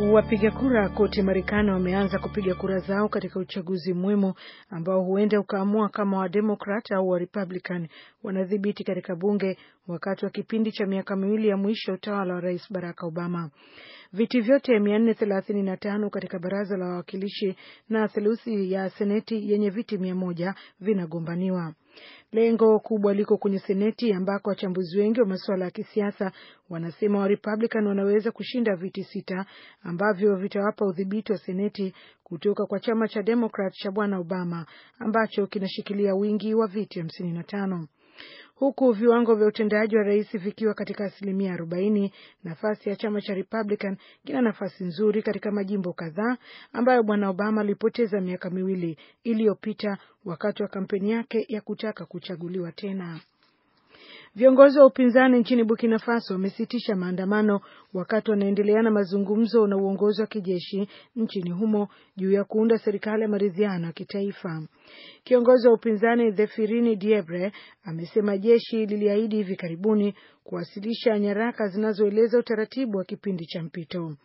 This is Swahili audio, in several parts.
Wapiga kura kote Marekani wameanza kupiga kura zao katika uchaguzi muhimu ambao huenda ukaamua kama Wademokrat au Warepublican wanadhibiti katika bunge wakati wa kipindi cha miaka miwili ya mwisho ya utawala wa Rais Barack Obama. Viti vyote 435 katika baraza la wawakilishi na theluthi ya seneti yenye viti mia moja vinagombaniwa. Lengo kubwa liko kwenye Seneti ambako wachambuzi wengi wa masuala ya kisiasa wanasema wa Republican wanaweza kushinda viti sita ambavyo vitawapa udhibiti wa Seneti kutoka kwa chama cha Demokrat cha Bwana Obama ambacho kinashikilia wingi wa viti tano huku viwango vya utendaji wa rais vikiwa katika asilimia arobaini Nafasi ya chama cha Republican kina nafasi nzuri katika majimbo kadhaa ambayo bwana Obama alipoteza miaka miwili iliyopita wakati wa kampeni yake ya kutaka kuchaguliwa tena. Viongozi wa upinzani nchini Burkina Faso wamesitisha maandamano wakati wanaendelea na mazungumzo na uongozi wa kijeshi nchini humo juu ya kuunda serikali ya maridhiano ya kitaifa. Kiongozi wa upinzani Thefirini Diebre amesema jeshi liliahidi hivi karibuni kuwasilisha nyaraka zinazoeleza utaratibu wa kipindi cha mpito.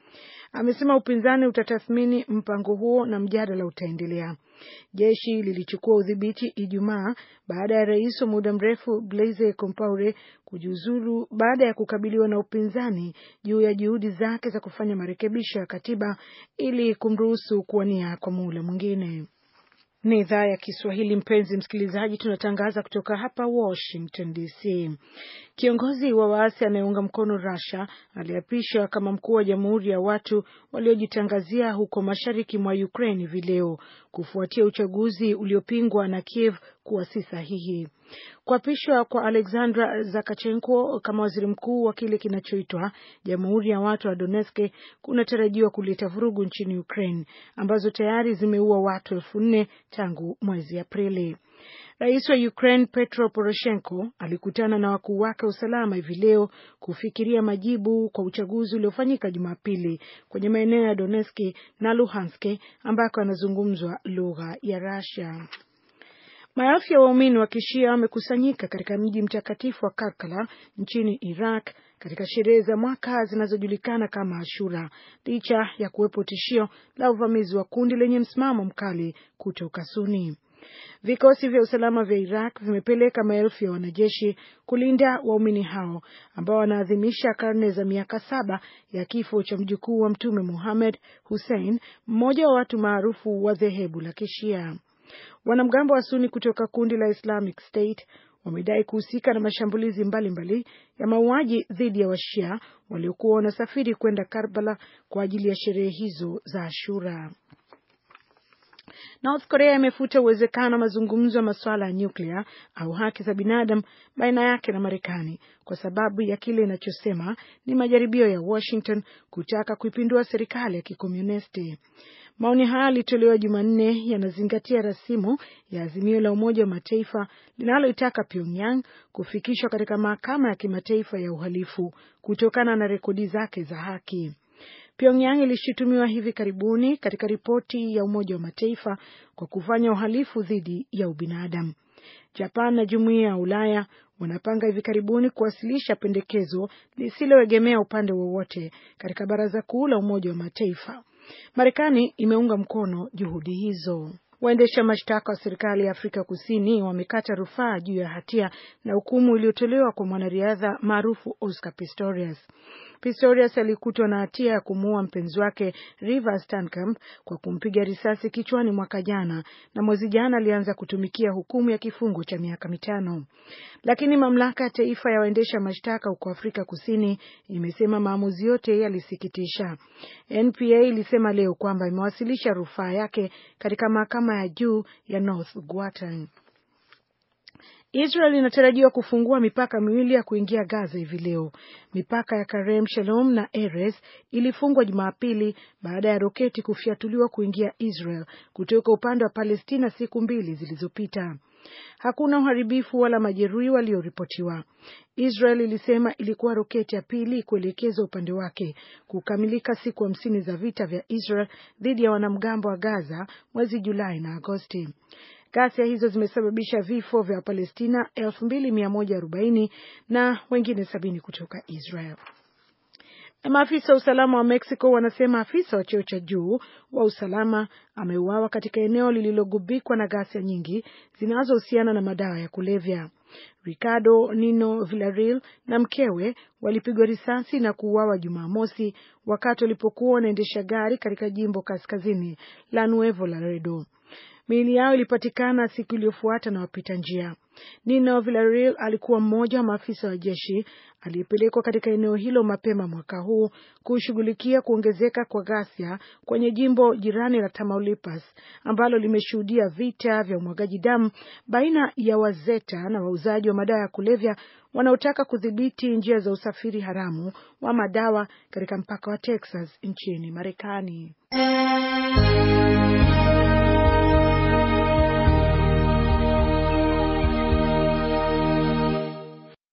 Amesema upinzani utatathmini mpango huo na mjadala utaendelea. Jeshi lilichukua udhibiti Ijumaa baada ya rais wa muda mrefu Blaise Compaore kujiuzulu baada ya kukabiliwa na upinzani juu ya juhudi zake za kufanya marekebisho ya katiba ili kumruhusu kuwania kwa muhula mwingine. Ni idhaa ya Kiswahili, mpenzi msikilizaji, tunatangaza kutoka hapa Washington DC. Kiongozi wa waasi anayeunga mkono Russia aliapishwa kama mkuu wa jamhuri ya watu waliojitangazia huko mashariki mwa Ukraine hivi leo kufuatia uchaguzi uliopingwa na Kiev kuwa si sahihi. Kuapishwa kwa Alexandra Zakachenko kama waziri mkuu wa kile kinachoitwa Jamhuri ya Watu wa Donetsk kunatarajiwa kuleta vurugu nchini Ukraine ambazo tayari zimeua watu elfu nne tangu mwezi Aprili. Rais wa Ukraine Petro Poroshenko alikutana na wakuu wake wa usalama hivi leo kufikiria majibu kwa uchaguzi uliofanyika Jumapili kwenye maeneo ya Donetsk na Luhansk ambako anazungumzwa lugha ya Russia. Maelfu ya waumini wa kishia wamekusanyika katika mji mtakatifu wa Karkala nchini Iraq katika sherehe za mwaka zinazojulikana kama Ashura licha ya kuwepo tishio la uvamizi wa kundi lenye msimamo mkali kutoka Suni. Vikosi vya usalama vya Iraq vimepeleka maelfu ya wanajeshi kulinda waumini hao ambao wanaadhimisha karne za miaka saba ya kifo cha mjukuu wa Mtume Muhammad Hussein, mmoja wa watu maarufu wa dhehebu la Kishia. Wanamgambo wa Suni kutoka kundi la Islamic State wamedai kuhusika na mashambulizi mbalimbali mbali ya mauaji dhidi ya Washia waliokuwa wanasafiri kwenda Karbala kwa ajili ya sherehe hizo za Ashura. North Korea imefuta uwezekano wa mazungumzo ya masuala ya nyuklia au haki za binadamu baina yake na Marekani kwa sababu ya kile inachosema ni majaribio ya Washington kutaka kuipindua serikali ya kikomunisti. Maoni haya yalitolewa Jumanne, yanazingatia rasimu ya azimio la Umoja wa Mataifa linaloitaka Pyongyang kufikishwa katika mahakama ya kimataifa ya uhalifu kutokana na rekodi zake za haki. Pyongyang ilishutumiwa hivi karibuni katika ripoti ya Umoja wa Mataifa kwa kufanya uhalifu dhidi ya ubinadamu. Japan na Jumuiya ya Ulaya wanapanga hivi karibuni kuwasilisha pendekezo lisiloegemea upande wowote katika Baraza Kuu la Umoja wa Mataifa. Marekani imeunga mkono juhudi hizo. Waendesha mashtaka wa serikali ya Afrika Kusini wamekata rufaa juu ya hatia na hukumu iliyotolewa kwa mwanariadha maarufu Oscar Pistorius. Pistorius alikutwa na hatia ya kumuua mpenzi wake river stancamp kwa kumpiga risasi kichwani mwaka jana, na mwezi jana alianza kutumikia hukumu ya kifungo cha miaka mitano. Lakini mamlaka ya taifa ya waendesha mashtaka huko Afrika Kusini imesema maamuzi yote yalisikitisha. NPA ilisema leo kwamba imewasilisha rufaa yake katika mahakama ya juu ya North Gauteng. Israel inatarajiwa kufungua mipaka miwili ya kuingia Gaza hivi leo. Mipaka ya Karem Shalom na Erez ilifungwa Jumapili baada ya roketi kufyatuliwa kuingia Israel kutoka upande wa Palestina siku mbili zilizopita. Hakuna uharibifu wala majeruhi walioripotiwa. Israel ilisema ilikuwa roketi ya pili kuelekeza upande wake kukamilika siku hamsini za vita vya Israel dhidi ya wanamgambo wa Gaza mwezi Julai na Agosti. Ghasia hizo zimesababisha vifo vya Palestina 2140 na wengine sabini kutoka Israel. Na maafisa wa usalama wa Mexico wanasema afisa wa cheo cha juu wa usalama ameuawa katika eneo lililogubikwa na ghasia nyingi zinazohusiana na madawa ya kulevya. Ricardo Nino Villarreal na mkewe walipigwa risasi na kuuawa Jumamosi wakati walipokuwa wanaendesha gari katika jimbo kaskazini la Nuevo Laredo. Miili yao ilipatikana siku iliyofuata na wapita njia. Nino Villarreal alikuwa mmoja wa maafisa wa jeshi aliyepelekwa katika eneo hilo mapema mwaka huu kushughulikia kuongezeka kwa ghasia kwenye jimbo jirani la Tamaulipas ambalo limeshuhudia vita vya umwagaji damu baina ya wazeta na wauzaji wa madawa ya kulevya wanaotaka kudhibiti njia za usafiri haramu wa madawa katika mpaka wa Texas nchini Marekani.